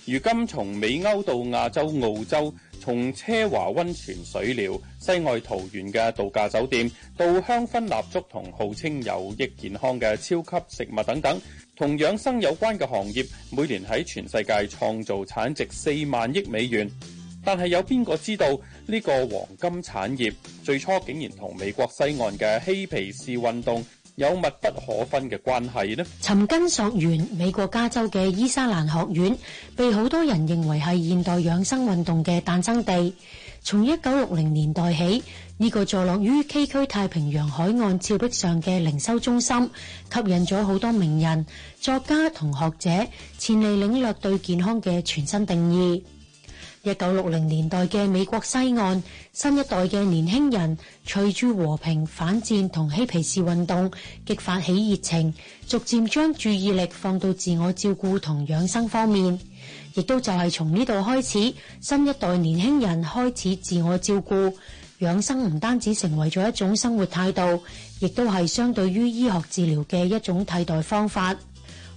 如今從美歐到亞洲、澳洲，從奢華溫泉水療、世外桃源嘅度假酒店，到香薰蠟燭同號稱有益健康嘅超級食物等等，同養生有關嘅行業，每年喺全世界創造產值四萬億美元。但係有邊個知道呢個黃金產業最初竟然同美國西岸嘅嬉皮士運動？有密不可分嘅關係呢。尋根溯源，美國加州嘅伊莎蘭學院被好多人認為係現代養生運動嘅誕生地。從一九六零年代起，呢個坐落於崎嶇太平洋海岸峭壁上嘅靈修中心，吸引咗好多名人、作家同學者前嚟領略對健康嘅全新定義。一九六零年代嘅美國西岸，新一代嘅年輕人隨住和平反戰同嬉皮士運動激發起熱情，逐漸將注意力放到自我照顧同養生方面。亦都就係從呢度開始，新一代年輕人開始自我照顧養生，唔單止成為咗一種生活態度，亦都係相對於醫學治療嘅一種替代方法。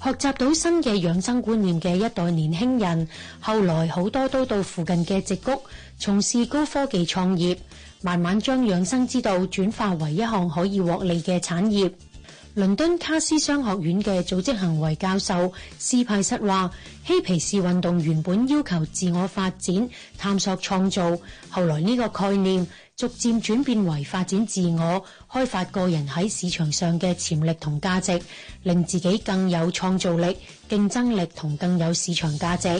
學習到新嘅養生觀念嘅一代年輕人，後來好多都到附近嘅矽谷從事高科技創業，慢慢將養生之道轉化為一項可以獲利嘅產業。倫敦卡斯商學院嘅組織行為教授斯派塞話：嬉皮士運動原本要求自我發展、探索創造，後來呢個概念，逐漸轉變為發展自我、開發個人喺市場上嘅潛力同價值，令自己更有創造力、競爭力同更有市場價值。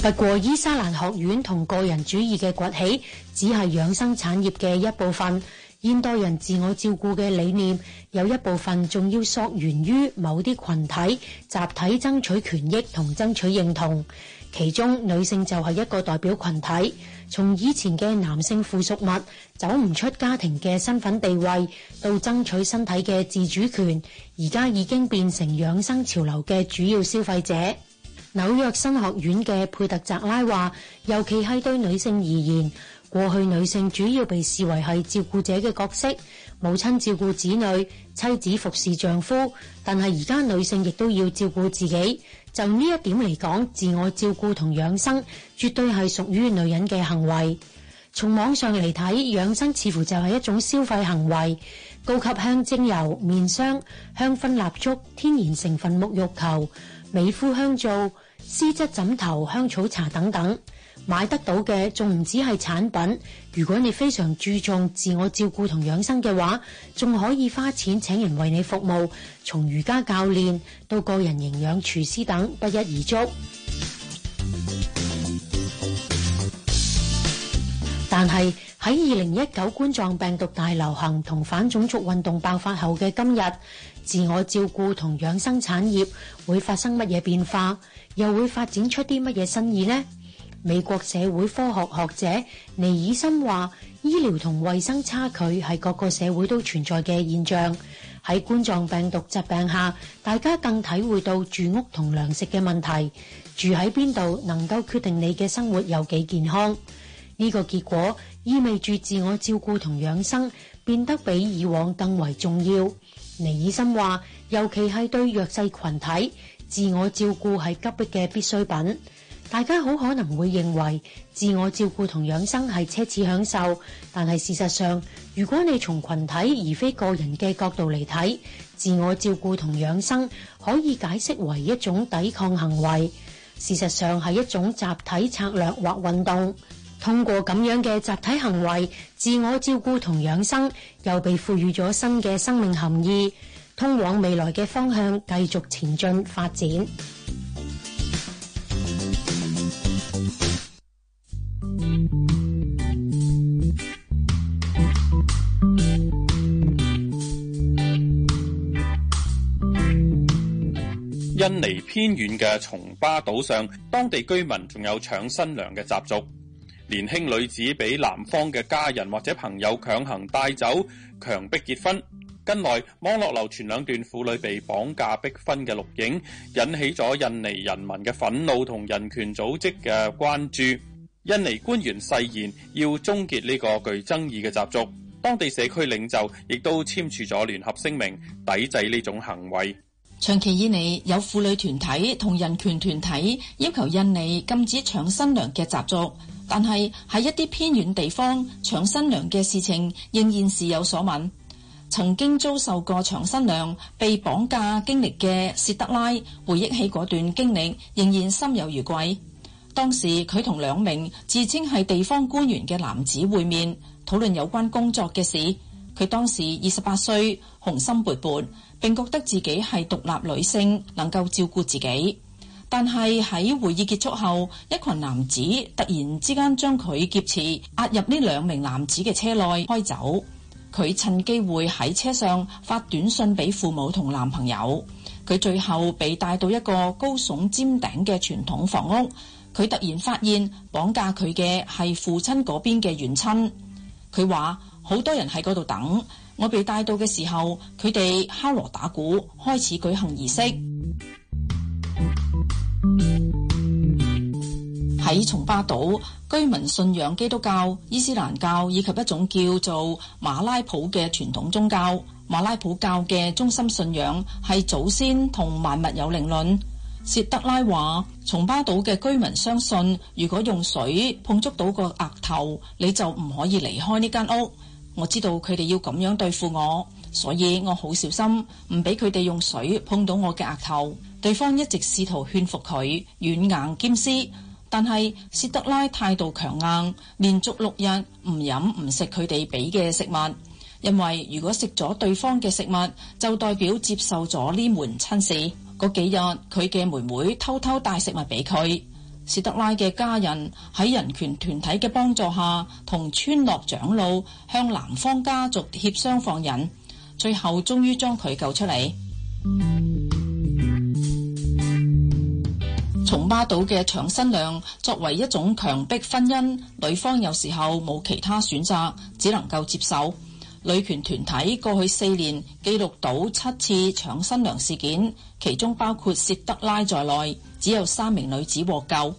不過， 伊莎蘭學院同個人主義嘅崛起，只係養生產業嘅一部分。現代人自我照顧嘅理念，有一部分仲要溯源於某啲群體、集體爭取權益同爭取認同。其中女性就係一個代表群體，從以前嘅男性附屬物，走唔出家庭嘅身份地位，到爭取身體嘅自主權，而家已經變成養生潮流嘅主要消費者。紐約新學院嘅佩特澤拉話：尤其係對女性而言，過去女性主要被視為係照顧者嘅角色，母親照顧子女，妻子服侍丈夫，但係而家女性亦都要照顧自己。就呢一點嚟講，自我照顧同養生絕對係屬於女人嘅行為。從網上嚟睇，養生似乎就係一種消費行為。高級香精油、面霜、香薰蠟燭、天然成分沐浴球、美膚香皂、絲質枕頭、香草茶等等。買得到嘅仲唔止係產品。如果你非常注重自我照顧同養生嘅話，仲可以花錢請人為你服務，從瑜伽教練到個人營養廚師等不一而足。但係喺二零一九冠狀病毒大流行同反種族運動爆發後嘅今日，自我照顧同養生產業會發生乜嘢變化，又會發展出啲乜嘢新意呢？美國社會科學學者尼爾森話：醫療同衛生差距係各個社會都存在嘅現象。喺冠狀病毒疾病下，大家更體會到住屋同糧食嘅問題。住喺邊度能夠決定你嘅生活有幾健康。呢個結果意味住自我照顧同養生變得比以往更為重要。尼爾森話：尤其係對弱勢群體，自我照顧係急迫嘅必需品。大家好可能會認為自我照顧同養生係奢侈享受，但係事實上，如果你從群體而非個人嘅角度嚟睇，自我照顧同養生可以解釋為一種抵抗行為。事實上係一種集體策略或運動。通過咁樣嘅集體行為，自我照顧同養生又被賦予咗新嘅生命含義，通往未來嘅方向繼續前進發展。印尼偏遠嘅松巴島上，當地居民仲有搶新娘嘅習俗，年輕女子俾男方嘅家人或者朋友強行帶走，強迫結婚。近來網絡流傳兩段婦女被綁架逼婚嘅錄影，引起咗印尼人民嘅憤怒同人權組織嘅關注。印尼官員誓言要終結呢個具爭議嘅習俗，當地社區領袖亦都簽署咗聯合聲明，抵制呢種行為。長期以嚟，有婦女團體同人權團體要求印尼禁止搶新娘嘅習俗，但係喺一啲偏遠地方，搶新娘嘅事情仍然時有所聞。曾經遭受過搶新娘、被綁架經歷嘅薛德拉，回憶起嗰段經歷，仍然心有餘悸。當時佢同兩名自稱係地方官員嘅男子會面，討論有關工作嘅事。佢當時二十八歲，雄心勃勃。並覺得自己係獨立女性，能夠照顧自己。但係喺會議結束後，一群男子突然之間將佢劫持，押入呢兩名男子嘅車內開走。佢趁機會喺車上發短信俾父母同男朋友。佢最後被帶到一個高聳尖頂嘅傳統房屋。佢突然發現綁架佢嘅係父親嗰邊嘅遠親。佢話好多人喺嗰度等。我被帶到嘅時候，佢哋敲鑼打鼓，開始舉行儀式。喺松巴島，居民信仰基督教、伊斯蘭教以及一種叫做馬拉普嘅傳統宗教。馬拉普教嘅中心信仰係祖先同萬物有靈論。薛德拉話：松巴島嘅居民相信，如果用水碰觸到個額頭，你就唔可以離開呢間屋。我知道佢哋要咁樣對付我，所以我好小心，唔俾佢哋用水碰到我嘅額頭。對方一直試圖勸服佢，軟硬兼施，但係薛德拉態度強硬，連續六日唔飲唔食佢哋俾嘅食物，因為如果食咗對方嘅食物，就代表接受咗呢門親事。嗰幾日，佢嘅妹妹偷偷帶食物俾佢。史德拉嘅家人喺人權團體嘅幫助下，同村落長老向南方家族協商，放人，最後終於將佢救出嚟。松巴島嘅搶新娘作為一種強迫婚姻，女方有時候冇其他選擇，只能夠接受。女權團體過去四年記錄到七次搶新娘事件，其中包括薛德拉在內，只有三名女子獲救。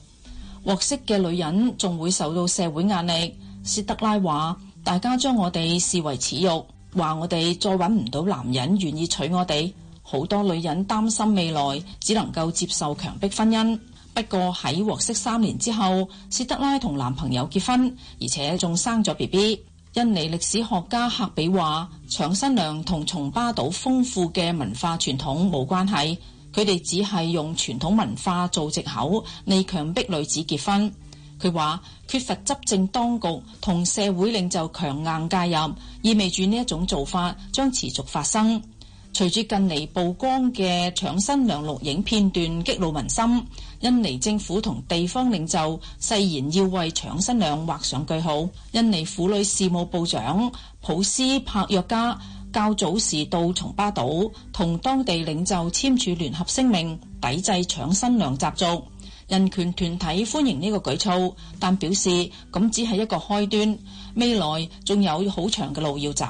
獲釋嘅女人仲會受到社會壓力。薛德拉話：大家將我哋視為恥辱，話我哋再揾唔到男人願意娶我哋。好多女人擔心未來，只能夠接受強迫婚姻。不過喺獲釋三年之後，薛德拉同男朋友結婚，而且仲生咗 BB。印尼歷史學家克比話：搶新娘同松巴島豐富嘅文化傳統冇關係，佢哋只係用傳統文化做藉口嚟強迫女子結婚。佢話缺乏執政當局同社會領袖強硬介入，意味住呢一種做法將持續發生。隨住近嚟曝光嘅搶新娘錄影片段激怒民心。印尼政府同地方領袖誓言要為搶新娘畫上句號。印尼婦女事務部長普斯帕約加較早時到松巴島同當地領袖簽署聯合聲明，抵制搶新娘習俗。人權團體歡迎呢個舉措，但表示咁只係一個開端，未來仲有好長嘅路要走。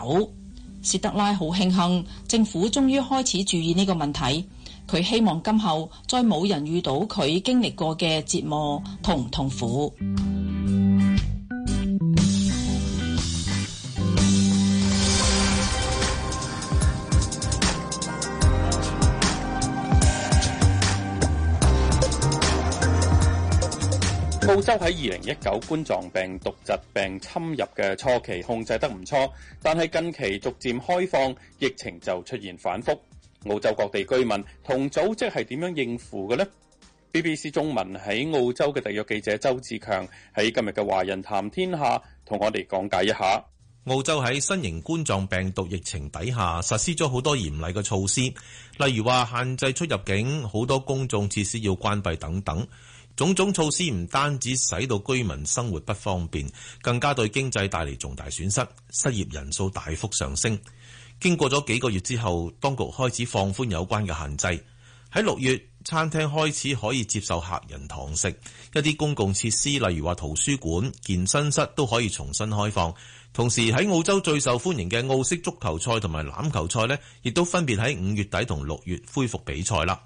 施德拉好慶幸政府終於開始注意呢個問題。佢希望今後再冇人遇到佢經歷過嘅折磨同痛，痛苦。澳洲喺二零一九冠狀病毒疾病侵入嘅初期控制得唔錯，但係近期逐漸開放，疫情就出現反覆。澳洲各地居民同組織係點樣應付嘅呢？BBC 中文喺澳洲嘅特約記者周志強喺今日嘅《華人談天下》同我哋講解一下。澳洲喺新型冠狀病毒疫情底下實施咗好多嚴厲嘅措施，例如話限制出入境、好多公眾設施要關閉等等，種種措施唔單止使到居民生活不方便，更加對經濟帶嚟重大損失，失業人數大幅上升。經過咗幾個月之後，當局開始放寬有關嘅限制。喺六月，餐廳開始可以接受客人堂食，一啲公共設施，例如話圖書館、健身室，都可以重新開放。同時喺澳洲最受歡迎嘅澳式足球賽同埋欖球賽呢，亦都分別喺五月底同六月恢復比賽啦。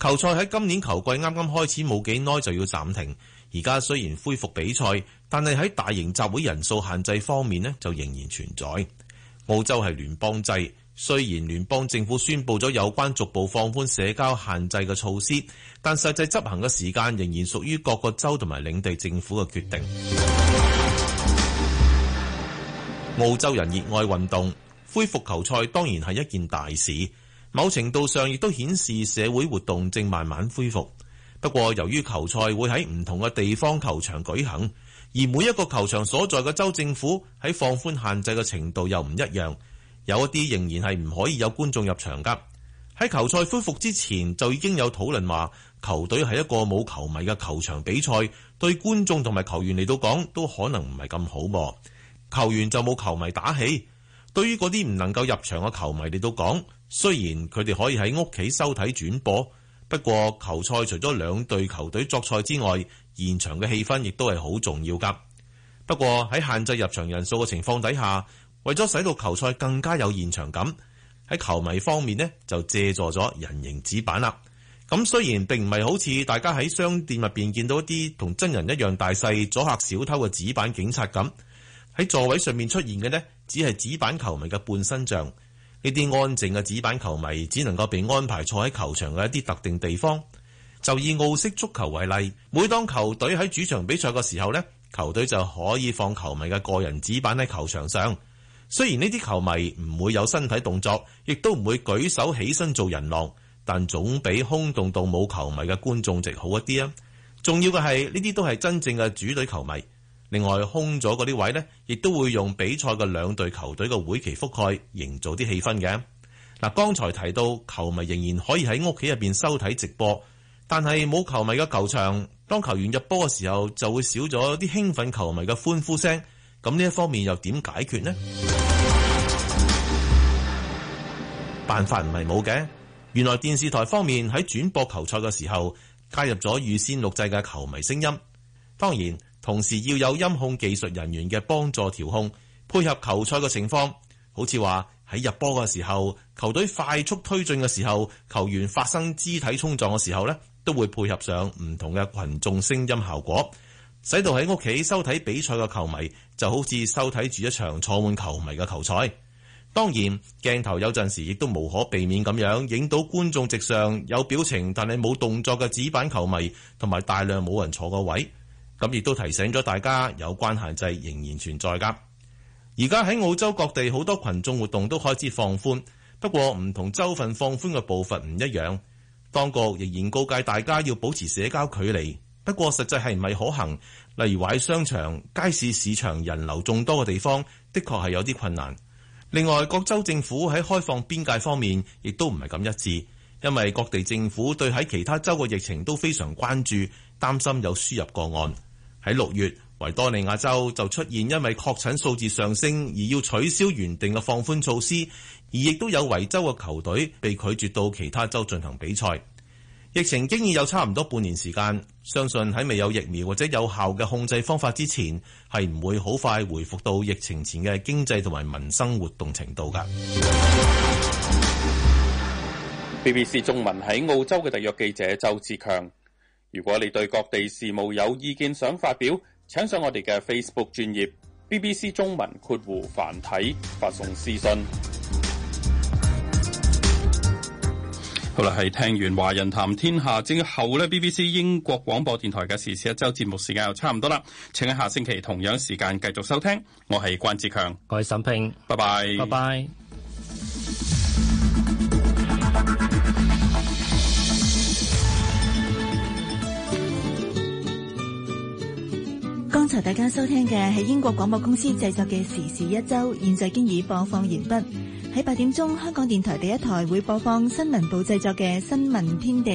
球賽喺今年球季啱啱開始冇幾耐就要暫停，而家雖然恢復比賽，但係喺大型集會人數限制方面呢，就仍然存在。澳洲係聯邦制，雖然聯邦政府宣佈咗有關逐步放寬社交限制嘅措施，但實際執行嘅時間仍然屬於各個州同埋領地政府嘅決定。澳洲人熱愛運動，恢復球賽當然係一件大事，某程度上亦都顯示社會活動正慢慢恢復。不過，由於球賽會喺唔同嘅地方球場舉行。而每一個球場所在嘅州政府喺放寬限制嘅程度又唔一樣，有一啲仍然係唔可以有觀眾入場㗎。喺球賽恢復之前，就已經有討論話球隊係一個冇球迷嘅球場比賽，對觀眾同埋球員嚟到講都可能唔係咁好喎。球員就冇球迷打氣，對於嗰啲唔能夠入場嘅球迷嚟到講，雖然佢哋可以喺屋企收睇轉播，不過球賽除咗兩隊球隊作賽之外，現場嘅氣氛亦都係好重要噶。不過喺限制入場人數嘅情況底下，為咗使到球賽更加有現場感，喺球迷方面呢，就借助咗人形紙板啦。咁雖然並唔係好似大家喺商店入邊見到一啲同真人一樣大細阻吓小偷嘅紙板警察咁，喺座位上面出現嘅呢，只係紙板球迷嘅半身像。呢啲安靜嘅紙板球迷只能夠被安排坐喺球場嘅一啲特定地方。就以澳式足球為例，每當球隊喺主場比賽嘅時候咧，球隊就可以放球迷嘅個人紙板喺球場上。雖然呢啲球迷唔會有身體動作，亦都唔會舉手起身做人浪，但總比空洞到冇球迷嘅觀眾席好一啲啊！重要嘅係呢啲都係真正嘅主隊球迷。另外，空咗嗰啲位咧，亦都會用比賽嘅兩隊球隊嘅會期覆蓋營造啲氣氛嘅。嗱，剛才提到，球迷仍然可以喺屋企入邊收睇直播。但係冇球迷嘅球場，當球員入波嘅時候，就會少咗啲興奮球迷嘅歡呼聲。咁呢一方面又點解決呢？ 辦法唔係冇嘅，原來電視台方面喺轉播球賽嘅時候，加入咗預先錄製嘅球迷聲音。當然，同時要有音控技術人員嘅幫助調控，配合球賽嘅情況。好似話喺入波嘅時候，球隊快速推進嘅時候，球員發生肢體衝撞嘅時候呢。都會配合上唔同嘅群眾聲音效果，使到喺屋企收睇比賽嘅球迷就好似收睇住一場坐滿球迷嘅球賽。當然，鏡頭有陣時亦都無可避免咁樣影到觀眾席上有表情但係冇動作嘅紙板球迷，同埋大量冇人坐個位。咁亦都提醒咗大家，有關限制仍然存在㗎。而家喺澳洲各地好多群眾活動都開始放寬，不過唔同州份放寬嘅步伐唔一樣。當局仍然告誡大家要保持社交距離，不過實際係唔係可行？例如喺商場、街市、市場人流眾多嘅地方，的確係有啲困難。另外，各州政府喺開放邊界方面，亦都唔係咁一致，因為各地政府對喺其他州嘅疫情都非常關注，擔心有輸入個案。喺六月，維多利亞州就出現因為確診數字上升而要取消原定嘅放寬措施。而亦都有維州嘅球隊被拒絕到其他州進行比賽。疫情經已有差唔多半年時間，相信喺未有疫苗或者有效嘅控制方法之前，係唔會好快回復到疫情前嘅經濟同埋民生活動程度噶。BBC 中文喺澳洲嘅特約記者周志強，如果你對各地事務有意見想發表，請上我哋嘅 Facebook 專頁 BBC 中文括弧繁體發送私信。好啦，係聽完《華人談天下》之後呢 BBC 英國廣播電台嘅時事一周節目時間又差唔多啦，請喺下星期同樣時間繼續收聽。我係關志強，我係沈平，拜拜，拜拜。剛才大家收聽嘅係英國廣播公司製作嘅《時事一周》，現在經已播放完畢。喺八點鐘，香港電台第一台會播放新聞部製作嘅《新聞天地》。